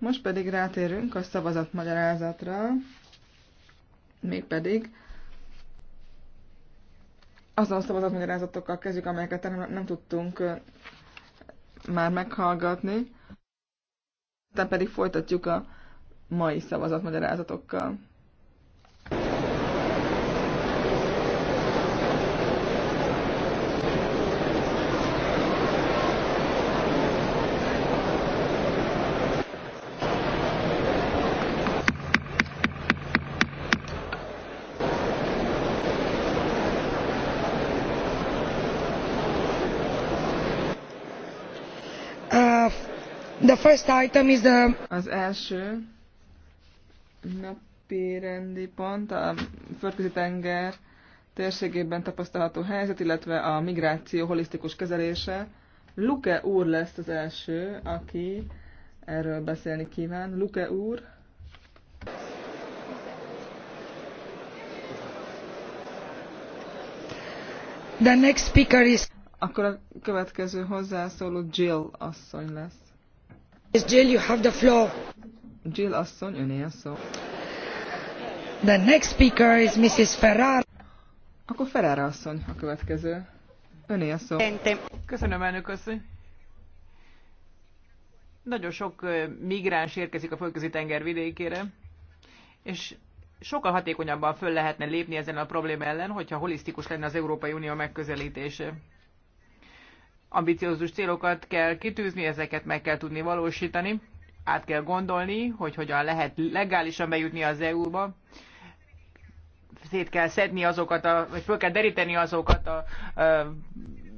Most pedig rátérünk a szavazatmagyarázatra, mégpedig azon szavazatmagyarázatokkal kezdjük, amelyeket nem, nem tudtunk már meghallgatni, aztán pedig folytatjuk a mai szavazatmagyarázatokkal. first item is the... Uh, az első napi rendi pont a földközi tenger térségében tapasztalható helyzet, illetve a migráció holisztikus kezelése. Luke úr lesz az első, aki erről beszélni kíván. Luke úr. The next speaker is... Akkor a következő hozzászóló Jill asszony lesz. Jill, you have the floor. Jill asszony, öné a szó. The next speaker is Mrs. Ferrar. Akkor Ferrara asszony a következő. Öné a szó. Köszönöm, elnök asszony. Nagyon sok migráns érkezik a földközi tenger vidékére, és sokkal hatékonyabban föl lehetne lépni ezen a probléma ellen, hogyha holisztikus lenne az Európai Unió megközelítése ambiciózus célokat kell kitűzni, ezeket meg kell tudni valósítani, át kell gondolni, hogy hogyan lehet legálisan bejutni az EU-ba, szét kell szedni azokat, a, vagy föl kell deríteni azokat a, a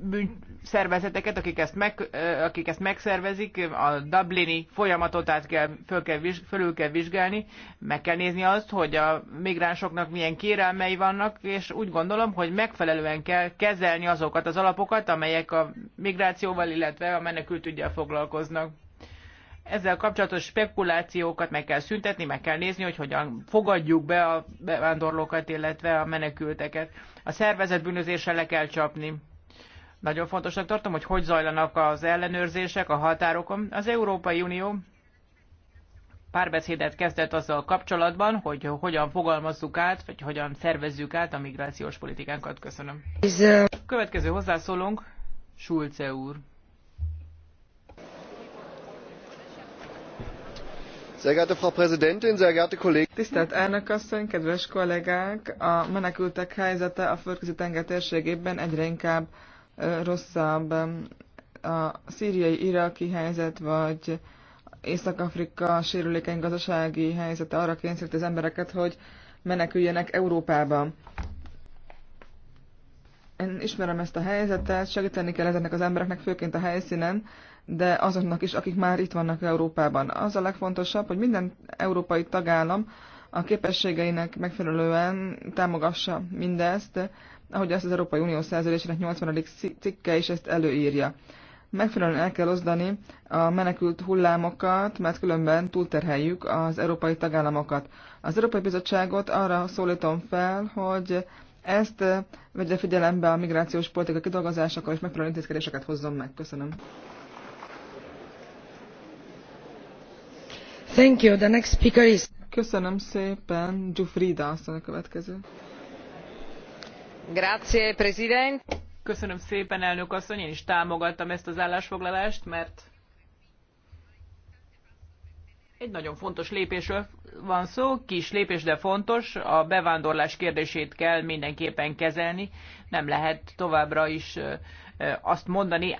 bűn, szervezeteket, akik ezt, meg, akik ezt megszervezik, a Dublini folyamatot át kell, föl kell, fölül kell vizsgálni, meg kell nézni azt, hogy a migránsoknak milyen kérelmei vannak, és úgy gondolom, hogy megfelelően kell kezelni azokat az alapokat, amelyek a migrációval, illetve a menekültügyel foglalkoznak. Ezzel kapcsolatos spekulációkat meg kell szüntetni, meg kell nézni, hogy hogyan fogadjuk be a bevándorlókat, illetve a menekülteket. A szervezet bűnözésre le kell csapni nagyon fontosnak tartom, hogy hogy zajlanak az ellenőrzések a határokon. Az Európai Unió párbeszédet kezdett azzal kapcsolatban, hogy hogyan fogalmazzuk át, vagy hogyan szervezzük át a migrációs politikánkat. Köszönöm. Következő hozzászólónk, Schulze úr. Tisztelt elnök asszony, kedves kollégák! A menekültek helyzete a földközi tenger térségében egyre inkább rosszabb a szíriai iraki helyzet, vagy Észak-Afrika sérülékeny gazdasági helyzete arra kényszerít az embereket, hogy meneküljenek Európába. Én ismerem ezt a helyzetet, segíteni kell ezeknek az embereknek, főként a helyszínen, de azoknak is, akik már itt vannak Európában. Az a legfontosabb, hogy minden európai tagállam a képességeinek megfelelően támogassa mindezt, ahogy ezt az Európai Unió szerződésének 80. cikke is ezt előírja. Megfelelően el kell ozdani a menekült hullámokat, mert különben túlterheljük az európai tagállamokat. Az Európai Bizottságot arra szólítom fel, hogy ezt vegye figyelembe a migrációs politika kidolgozásakor, és megfelelő intézkedéseket hozzon meg. Köszönöm. Thank you. The next speaker is... Köszönöm szépen. Giuffrida aztán a következő. Köszönöm szépen, elnök asszony, én is támogattam ezt az állásfoglalást, mert egy nagyon fontos lépésről van szó, kis lépés, de fontos. A bevándorlás kérdését kell mindenképpen kezelni. Nem lehet továbbra is azt mondani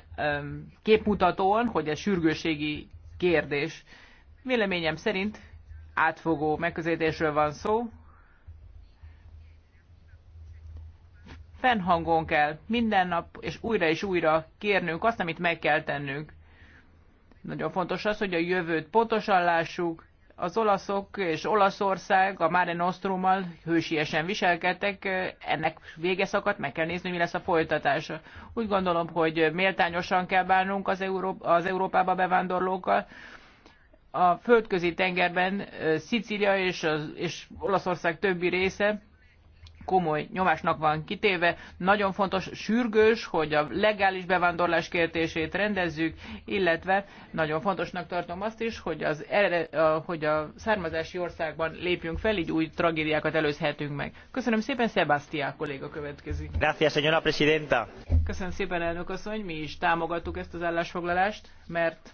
képmutatóan, hogy ez sürgőségi kérdés. Véleményem szerint átfogó megközeltésről van szó, fennhangon kell minden nap és újra és újra kérnünk azt, amit meg kell tennünk. Nagyon fontos az, hogy a jövőt pontosan lássuk, az olaszok és Olaszország a Mare Nostrummal hősiesen viselkedtek, ennek vége szakadt, meg kell nézni, mi lesz a folytatása. Úgy gondolom, hogy méltányosan kell bánnunk az, Európa, az Európába bevándorlókkal. A földközi tengerben Szicília és, és Olaszország többi része komoly nyomásnak van kitéve. Nagyon fontos, sürgős, hogy a legális bevándorlás kértését rendezzük, illetve nagyon fontosnak tartom azt is, hogy, az ered, a, hogy a származási országban lépjünk fel, így új tragédiákat előzhetünk meg. Köszönöm szépen, Sebastián kolléga következik. Gracias, señora presidenta. Köszönöm szépen, elnök asszony, mi is támogattuk ezt az állásfoglalást, mert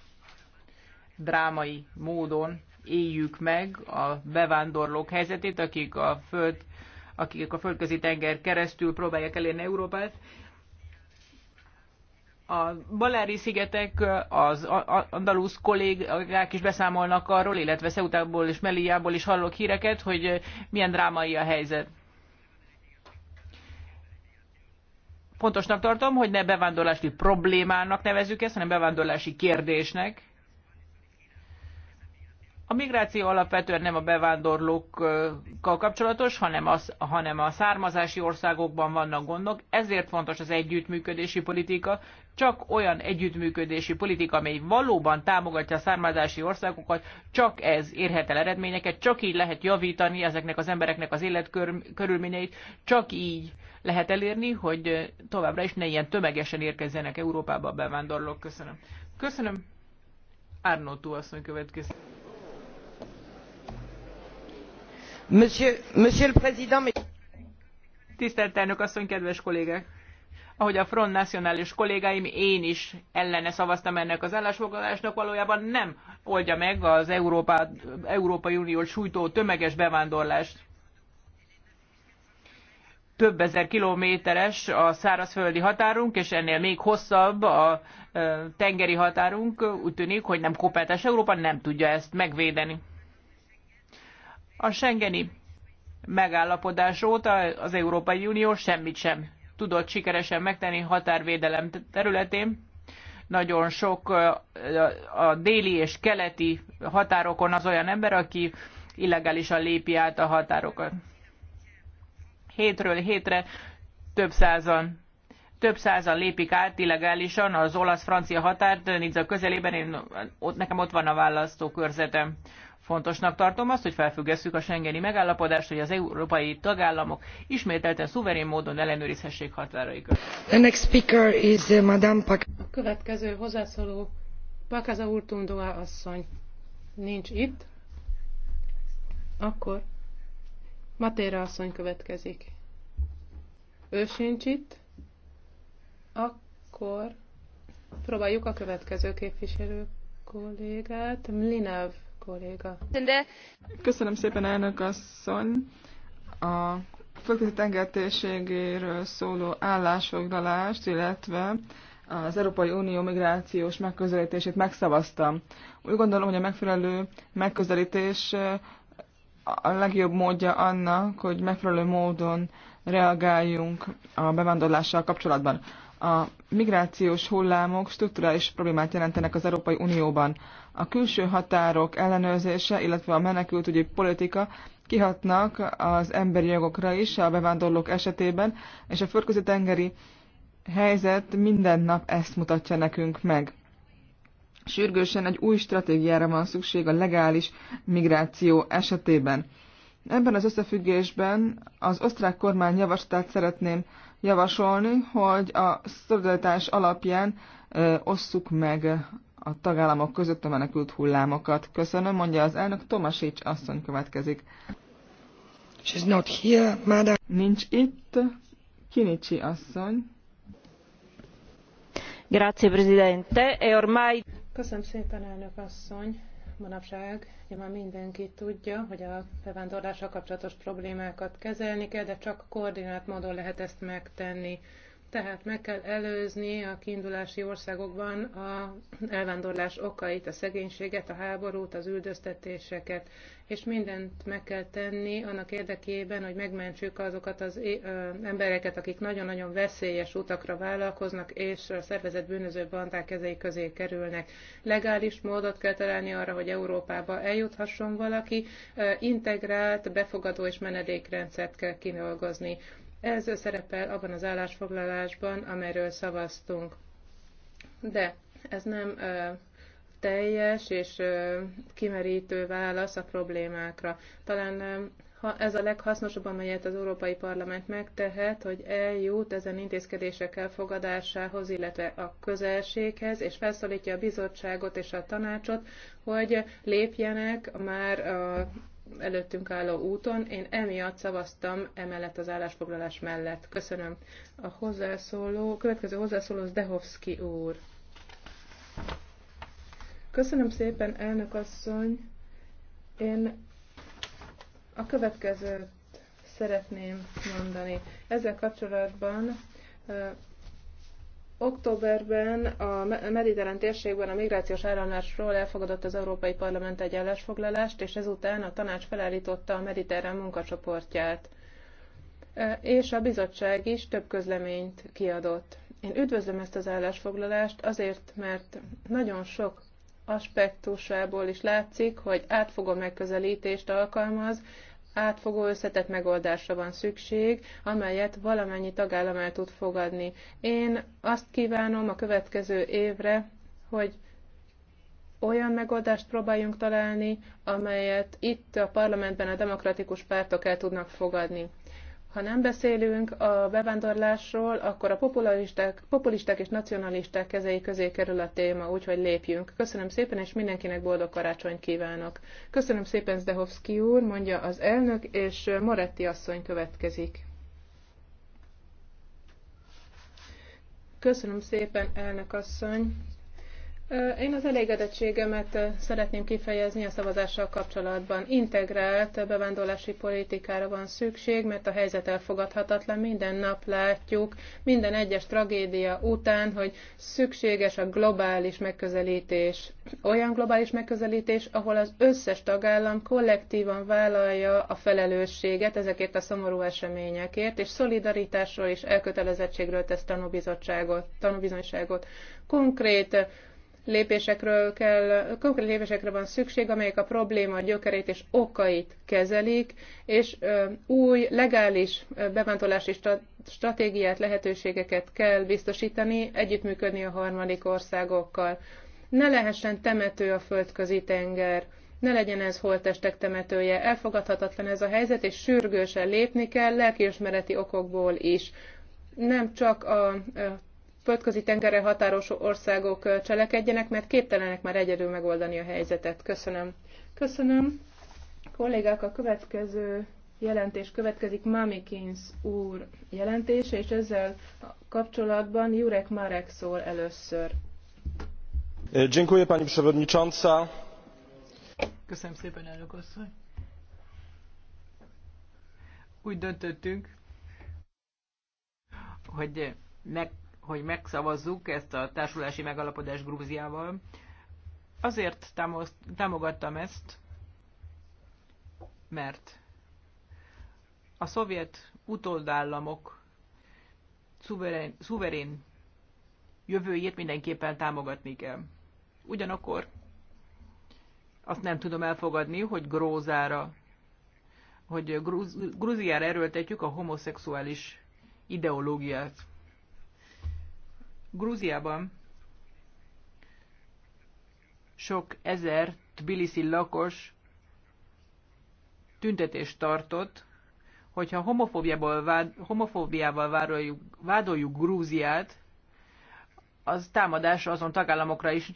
drámai módon éljük meg a bevándorlók helyzetét, akik a föld akik a földközi tenger keresztül próbálják elérni Európát. A Baleri szigetek, az andalusz kollégák is beszámolnak arról, illetve Szeutából és Meliából is hallok híreket, hogy milyen drámai a helyzet. Fontosnak tartom, hogy ne bevándorlási problémának nevezzük ezt, hanem bevándorlási kérdésnek a migráció alapvetően nem a bevándorlókkal kapcsolatos, hanem, az, hanem a származási országokban vannak gondok, ezért fontos az együttműködési politika, csak olyan együttműködési politika, amely valóban támogatja a származási országokat, csak ez érhet el eredményeket, csak így lehet javítani ezeknek az embereknek az életkörülményeit, csak így lehet elérni, hogy továbbra is ne ilyen tömegesen érkezzenek Európába a bevándorlók. Köszönöm. Köszönöm. Arnó asszony következik. Tisztelt elnök asszony, kedves kollégák! Ahogy a Front és kollégáim, én is ellene szavaztam ennek az állásfoglalásnak, valójában nem oldja meg az Európa, Európai Unió sújtó tömeges bevándorlást több ezer kilométeres a szárazföldi határunk, és ennél még hosszabb a tengeri határunk. Úgy tűnik, hogy nem kompetens Európa nem tudja ezt megvédeni. A Schengeni megállapodás óta az Európai Unió semmit sem tudott sikeresen megtenni határvédelem területén. Nagyon sok a déli és keleti határokon az olyan ember, aki illegálisan lépi át a határokat. Hétről hétre több százan több százan lépik át illegálisan az olasz-francia határt, Nizza közelében, én, ott, nekem ott van a választókörzetem. Fontosnak tartom azt, hogy felfüggesszük a Schengeni megállapodást, hogy az európai tagállamok ismételten szuverén módon ellenőrizhessék határaikat. The next speaker is uh, Madame Pak a következő hozzászóló Pakaza Urtundoa asszony. Nincs itt. Akkor Matéra asszony következik. Ő sincs itt. Akkor próbáljuk a következő képviselő kollégát. Mlinav kolléga. Köszönöm szépen, elnök asszony. A fölkészített tengertérségéről szóló állásfoglalást, illetve az Európai Unió migrációs megközelítését megszavaztam. Úgy gondolom, hogy a megfelelő megközelítés a legjobb módja annak, hogy megfelelő módon reagáljunk a bevándorlással kapcsolatban. A migrációs hullámok strukturális problémát jelentenek az Európai Unióban. A külső határok ellenőrzése, illetve a menekültügyi politika kihatnak az emberi jogokra is a bevándorlók esetében, és a földközi tengeri helyzet minden nap ezt mutatja nekünk meg. Sürgősen egy új stratégiára van szükség a legális migráció esetében. Ebben az összefüggésben az osztrák kormány javaslatát szeretném javasolni, hogy a szolidaritás alapján ö, osszuk meg a tagállamok között a menekült hullámokat. Köszönöm, mondja az elnök, Tomasics asszony következik. She's not here, madam. Nincs itt. Kinicsi asszony. Grazie, presidente. E ormai... Köszönöm szépen, elnök asszony manapság ugye már mindenki tudja, hogy a bevándorlással kapcsolatos problémákat kezelni kell, de csak koordinált módon lehet ezt megtenni. Tehát meg kell előzni a kiindulási országokban a elvándorlás okait, a szegénységet, a háborút, az üldöztetéseket, és mindent meg kell tenni annak érdekében, hogy megmentsük azokat az embereket, akik nagyon-nagyon veszélyes utakra vállalkoznak, és a szervezett bűnöző bandák kezei közé kerülnek. Legális módot kell találni arra, hogy Európába eljuthasson valaki, integrált, befogadó és menedékrendszert kell kidolgozni. Ez szerepel abban az állásfoglalásban, amelyről szavaztunk. De ez nem teljes és kimerítő válasz a problémákra. Talán ez a leghasznosabb, amelyet az Európai Parlament megtehet, hogy eljut ezen intézkedések elfogadásához, illetve a közelséghez, és felszólítja a bizottságot és a tanácsot, hogy lépjenek már a előttünk álló úton. Én emiatt szavaztam emellett az állásfoglalás mellett. Köszönöm. A hozzászóló, következő hozzászóló az Dehovszki úr. Köszönöm szépen, elnök asszony. Én a következőt szeretném mondani. Ezzel kapcsolatban Októberben a mediterrán térségben a migrációs áramlásról elfogadott az Európai Parlament egy állásfoglalást, és ezután a tanács felállította a mediterrán munkacsoportját. E, és a bizottság is több közleményt kiadott. Én üdvözlöm ezt az állásfoglalást azért, mert nagyon sok aspektusából is látszik, hogy átfogó megközelítést alkalmaz, átfogó összetett megoldásra van szükség, amelyet valamennyi tagállam el tud fogadni. Én azt kívánom a következő évre, hogy olyan megoldást próbáljunk találni, amelyet itt a parlamentben a demokratikus pártok el tudnak fogadni. Ha nem beszélünk a bevándorlásról, akkor a populisták, populisták és nacionalisták kezei közé kerül a téma, úgyhogy lépjünk. Köszönöm szépen, és mindenkinek boldog karácsonyt kívánok. Köszönöm szépen Zdehovszki úr, mondja az elnök, és Moretti asszony következik. Köszönöm szépen, elnök asszony. Én az elégedettségemet szeretném kifejezni a szavazással kapcsolatban. Integrált bevándorlási politikára van szükség, mert a helyzet elfogadhatatlan. Minden nap látjuk, minden egyes tragédia után, hogy szükséges a globális megközelítés. Olyan globális megközelítés, ahol az összes tagállam kollektívan vállalja a felelősséget ezekért a szomorú eseményekért, és szolidaritásról és elkötelezettségről tesz tanúbizottságot, tanúbizonyságot. Konkrét lépésekről kell, konkrét lépésekre van szükség, amelyek a probléma gyökerét és okait kezelik, és új legális bevándorlási stratégiát, lehetőségeket kell biztosítani, együttműködni a harmadik országokkal. Ne lehessen temető a földközi tenger ne legyen ez holttestek temetője. Elfogadhatatlan ez a helyzet, és sürgősen lépni kell lelkiismereti okokból is. Nem csak a földközi tengerre határos országok cselekedjenek, mert képtelenek már egyedül megoldani a helyzetet. Köszönöm. Köszönöm. Kollégák, a következő jelentés következik Mamikins úr jelentése, és ezzel kapcsolatban Jurek Marek szól először. E, dziękuję pani przewodnicząca. Köszönöm szépen, elnök asszony. Úgy döntöttünk, hogy meg hogy megszavazzuk ezt a társulási megalapodás Grúziával. Azért támogattam ezt, mert a szovjet utoldállamok szuverén, szuverén jövőjét mindenképpen támogatni kell. Ugyanakkor azt nem tudom elfogadni, hogy grózára, hogy Grúziára erőltetjük a homoszexuális ideológiát. Grúziában sok ezer tbilisi lakos tüntetést tartott, hogyha homofóbiával, vád, homofóbiával vádoljuk, vádoljuk Grúziát, az támadás azon tagállamokra is,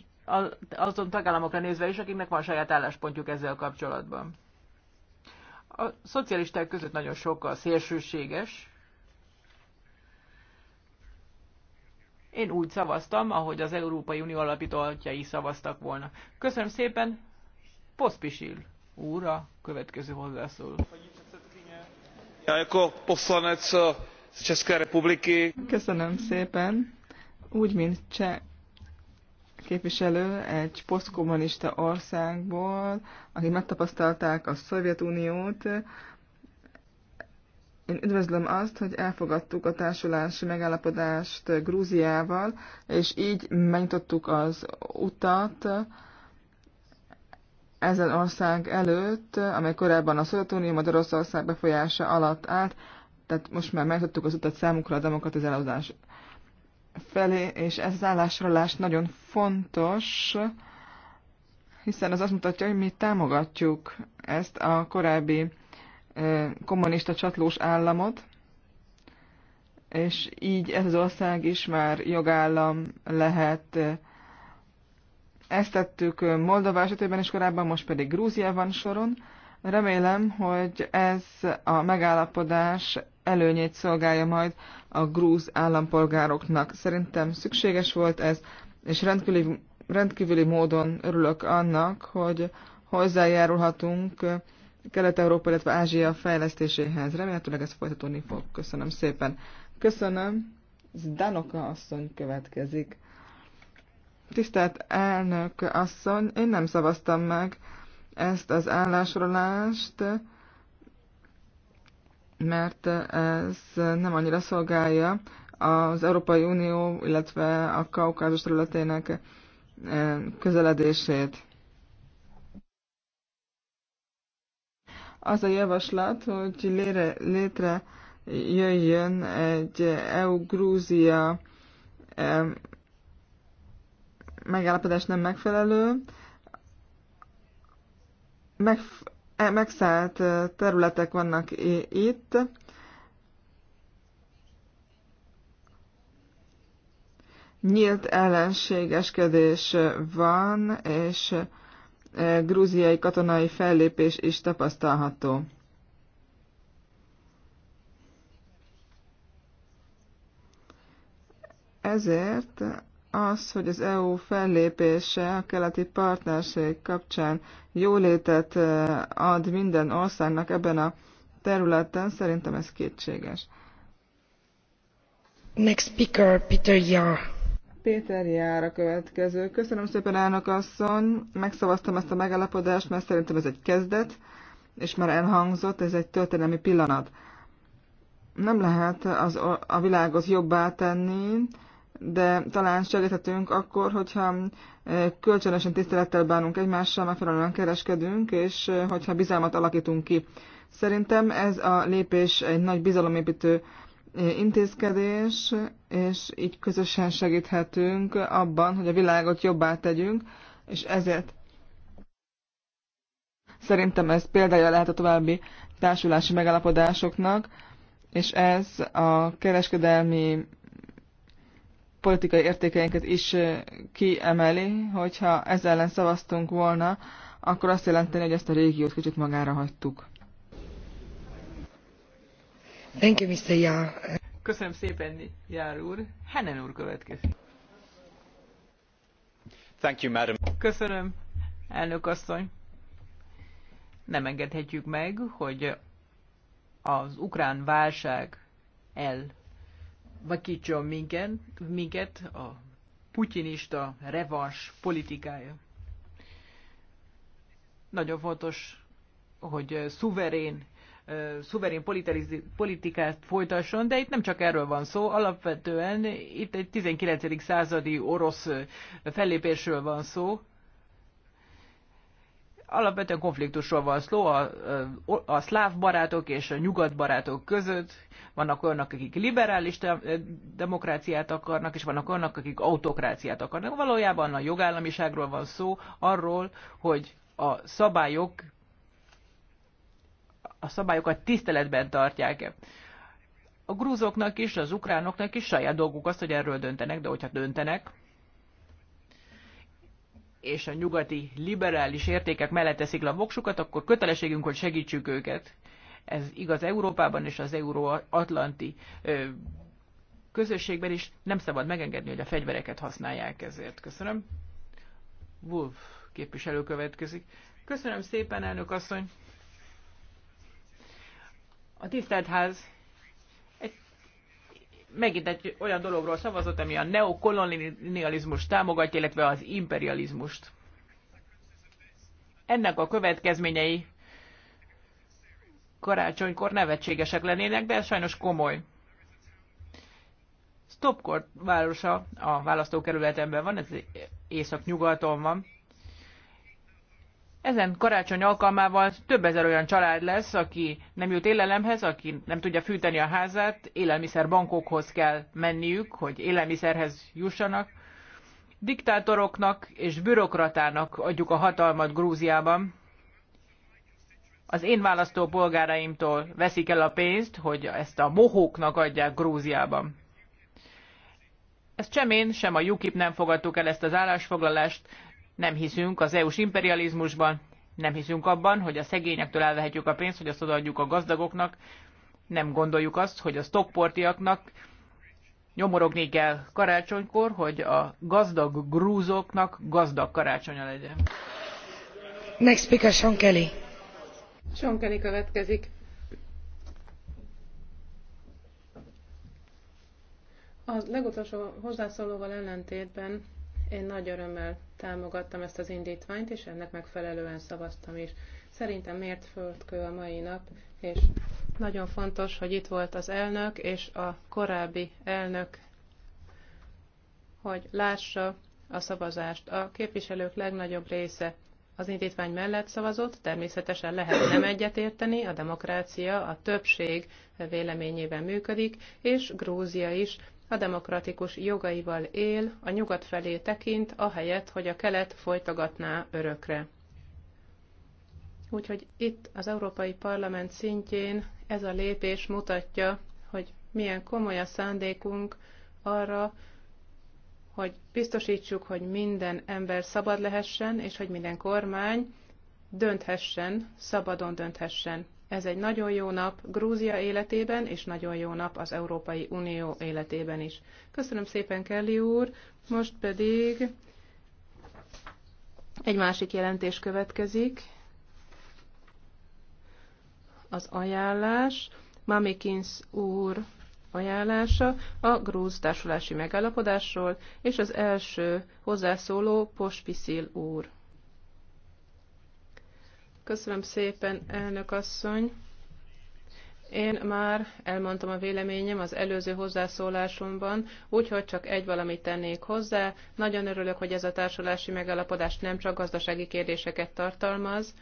azon tagállamokra nézve is, akiknek van saját álláspontjuk ezzel kapcsolatban. A szocialisták között nagyon sok a szélsőséges, Én úgy szavaztam, ahogy az Európai Unió alapítóatjai szavaztak volna. Köszönöm szépen, Poszpisil úr a következő hozzászól. Ja, jako poslanec eh, z České republiky. Köszönöm szépen. Úgy, mint cseh képviselő egy posztkommunista országból, akik megtapasztalták a Szovjetuniót, én üdvözlöm azt, hogy elfogadtuk a társulási megállapodást Grúziával, és így megnyitottuk az utat ezen ország előtt, amely korábban a Szovjetunió Magyarország befolyása alatt állt, tehát most már megnyitottuk az utat számukra a demokratizálódás felé, és ez az állásrólás nagyon fontos, hiszen az azt mutatja, hogy mi támogatjuk ezt a korábbi kommunista csatlós államot, és így ez az ország is már jogállam lehet. Ezt tettük Moldova esetében is korábban, most pedig Grúzia van soron. Remélem, hogy ez a megállapodás előnyét szolgálja majd a grúz állampolgároknak. Szerintem szükséges volt ez, és rendkívüli, rendkívüli módon örülök annak, hogy hozzájárulhatunk Kelet-Európa, illetve Ázsia fejlesztéséhez. Remélhetőleg ez folytatódni fog. Köszönöm szépen. Köszönöm. Zdanoka asszony következik. Tisztelt elnök asszony, én nem szavaztam meg ezt az állásrolást, mert ez nem annyira szolgálja az Európai Unió, illetve a Kaukázus területének eh, közeledését. az a javaslat, hogy létre, létre jöjjön egy EU-Grúzia megállapodás nem megfelelő, meg, e, megszállt területek vannak itt, nyílt ellenségeskedés van, és grúziai katonai fellépés is tapasztalható. Ezért az, hogy az EU fellépése a keleti partnerség kapcsán jólétet ad minden országnak ebben a területen, szerintem ez kétséges. Next speaker, Peter Yar. Péter jár a következő. Köszönöm szépen, elnök asszony. Megszavaztam ezt a megállapodást, mert szerintem ez egy kezdet, és már elhangzott, ez egy történelmi pillanat. Nem lehet az, a világot jobbá tenni, de talán segíthetünk akkor, hogyha e, kölcsönösen tisztelettel bánunk egymással, megfelelően kereskedünk, és e, hogyha bizalmat alakítunk ki. Szerintem ez a lépés egy nagy bizalomépítő intézkedés, és így közösen segíthetünk abban, hogy a világot jobbá tegyünk, és ezért szerintem ez példája lehet a további társulási megállapodásoknak, és ez a kereskedelmi politikai értékeinket is kiemeli, hogyha ezzel ellen szavaztunk volna, akkor azt jelenteni, hogy ezt a régiót kicsit magára hagytuk. Thank you, Mr. Köszönöm szépen, Jár úr. Hennen úr következik. Thank you, madam. Köszönöm, elnök asszony. Nem engedhetjük meg, hogy az ukrán válság el vakítson minket, minket a putinista revans politikája. Nagyon fontos, hogy szuverén szuverén politikát folytasson, de itt nem csak erről van szó, alapvetően itt egy 19. századi orosz fellépésről van szó, alapvetően konfliktusról van szó a, a, a szláv barátok és a nyugat barátok között. Vannak olyanok, akik liberális demokráciát akarnak, és vannak olyanok, akik autokráciát akarnak. Valójában a jogállamiságról van szó, arról, hogy a szabályok a szabályokat tiszteletben tartják-e. A grúzoknak is, az ukránoknak is saját dolguk az, hogy erről döntenek, de hogyha döntenek, és a nyugati liberális értékek mellett teszik le a voksukat, akkor kötelességünk, hogy segítsük őket. Ez igaz Európában és az euróatlanti közösségben is. Nem szabad megengedni, hogy a fegyvereket használják ezért. Köszönöm. Wolf képviselő következik. Köszönöm szépen, elnök asszony. A tisztelt ház egy, megint egy olyan dologról szavazott, ami a neokolonializmust támogatja, illetve az imperializmust. Ennek a következményei karácsonykor nevetségesek lennének, de ez sajnos komoly. Stopkort városa a választókerületemben van, ez észak-nyugaton van. Ezen karácsony alkalmával több ezer olyan család lesz, aki nem jut élelemhez, aki nem tudja fűteni a házát, élelmiszerbankokhoz kell menniük, hogy élelmiszerhez jussanak. Diktátoroknak és bürokratának adjuk a hatalmat Grúziában. Az én választópolgáraimtól veszik el a pénzt, hogy ezt a mohóknak adják Grúziában. Ezt sem én, sem a UKIP nem fogadtuk el ezt az állásfoglalást, nem hiszünk az EU-s imperializmusban, nem hiszünk abban, hogy a szegényektől elvehetjük a pénzt, hogy azt odaadjuk a gazdagoknak, nem gondoljuk azt, hogy a stockportiaknak nyomorogni kell karácsonykor, hogy a gazdag grúzoknak gazdag karácsonya legyen. Next speaker, Sean Kelly. Sean Kelly következik. A legutolsó hozzászólóval ellentétben én nagy örömmel támogattam ezt az indítványt, és ennek megfelelően szavaztam is. Szerintem miért földkő a mai nap, és nagyon fontos, hogy itt volt az elnök és a korábbi elnök, hogy lássa a szavazást. A képviselők legnagyobb része az indítvány mellett szavazott, természetesen lehet nem egyetérteni, a demokrácia, a többség véleményében működik, és Grúzia is a demokratikus jogaival él, a nyugat felé tekint, ahelyett, hogy a kelet folytogatná örökre. Úgyhogy itt az Európai Parlament szintjén ez a lépés mutatja, hogy milyen komoly a szándékunk arra, hogy biztosítsuk, hogy minden ember szabad lehessen, és hogy minden kormány dönthessen, szabadon dönthessen. Ez egy nagyon jó nap Grúzia életében, és nagyon jó nap az Európai Unió életében is. Köszönöm szépen, Kelly úr. Most pedig egy másik jelentés következik. Az ajánlás. Mamikins úr ajánlása a grúz társulási megállapodásról, és az első hozzászóló Pospisil úr. Köszönöm szépen, elnök asszony. Én már elmondtam a véleményem az előző hozzászólásomban, úgyhogy csak egy valamit tennék hozzá. Nagyon örülök, hogy ez a társulási megalapodás nem csak gazdasági kérdéseket tartalmaz,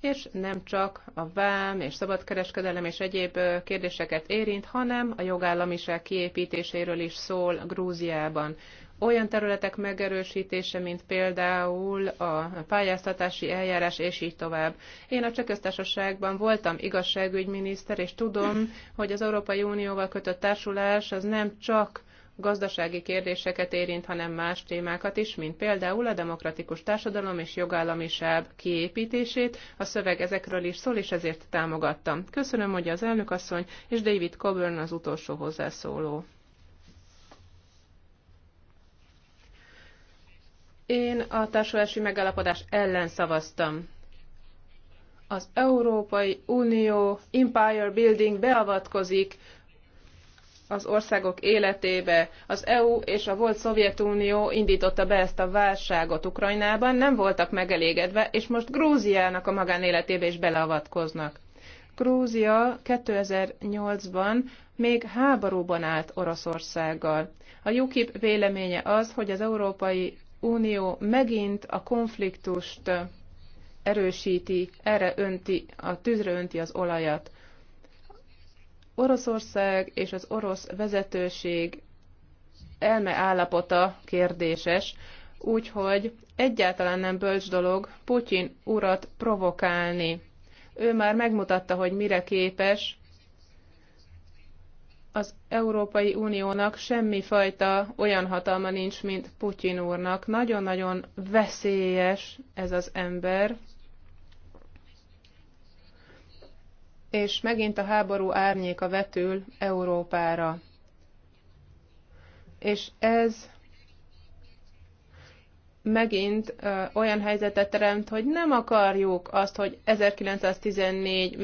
és nem csak a vám és szabadkereskedelem és egyéb kérdéseket érint, hanem a jogállamiság kiépítéséről is szól Grúziában. Olyan területek megerősítése, mint például a pályáztatási eljárás, és így tovább. Én a Csehköztársaságban voltam igazságügyminiszter, és tudom, hogy az Európai Unióval kötött társulás az nem csak gazdasági kérdéseket érint, hanem más témákat is, mint például a demokratikus társadalom és jogállamiság kiépítését. A szöveg ezekről is szól, és ezért támogattam. Köszönöm, hogy az elnökasszony és David Coburn az utolsó hozzászóló. Én a társulási megállapodás ellen szavaztam. Az Európai Unió Empire Building beavatkozik az országok életébe. Az EU és a volt Szovjetunió indította be ezt a válságot Ukrajnában, nem voltak megelégedve, és most Grúziának a magánéletébe is beleavatkoznak. Grúzia 2008-ban még háborúban állt Oroszországgal. A UKIP véleménye az, hogy az Európai Unió megint a konfliktust erősíti, erre önti, a tűzre önti az olajat. Oroszország és az orosz vezetőség elme állapota kérdéses, úgyhogy egyáltalán nem bölcs dolog Putyin urat provokálni. Ő már megmutatta, hogy mire képes, az Európai Uniónak semmifajta olyan hatalma nincs, mint Putyin úrnak. Nagyon-nagyon veszélyes ez az ember, és megint a háború árnyéka vetül Európára. És ez megint ö, olyan helyzetet teremt, hogy nem akarjuk azt, hogy 1914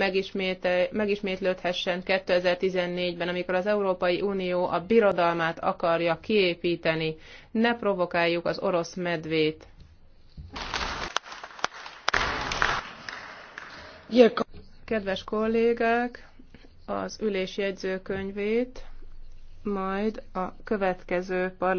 megismétlődhessen 2014-ben, amikor az Európai Unió a birodalmát akarja kiépíteni. Ne provokáljuk az orosz medvét. Yeah, Kedves kollégák, az ülés jegyzőkönyvét majd a következő parlament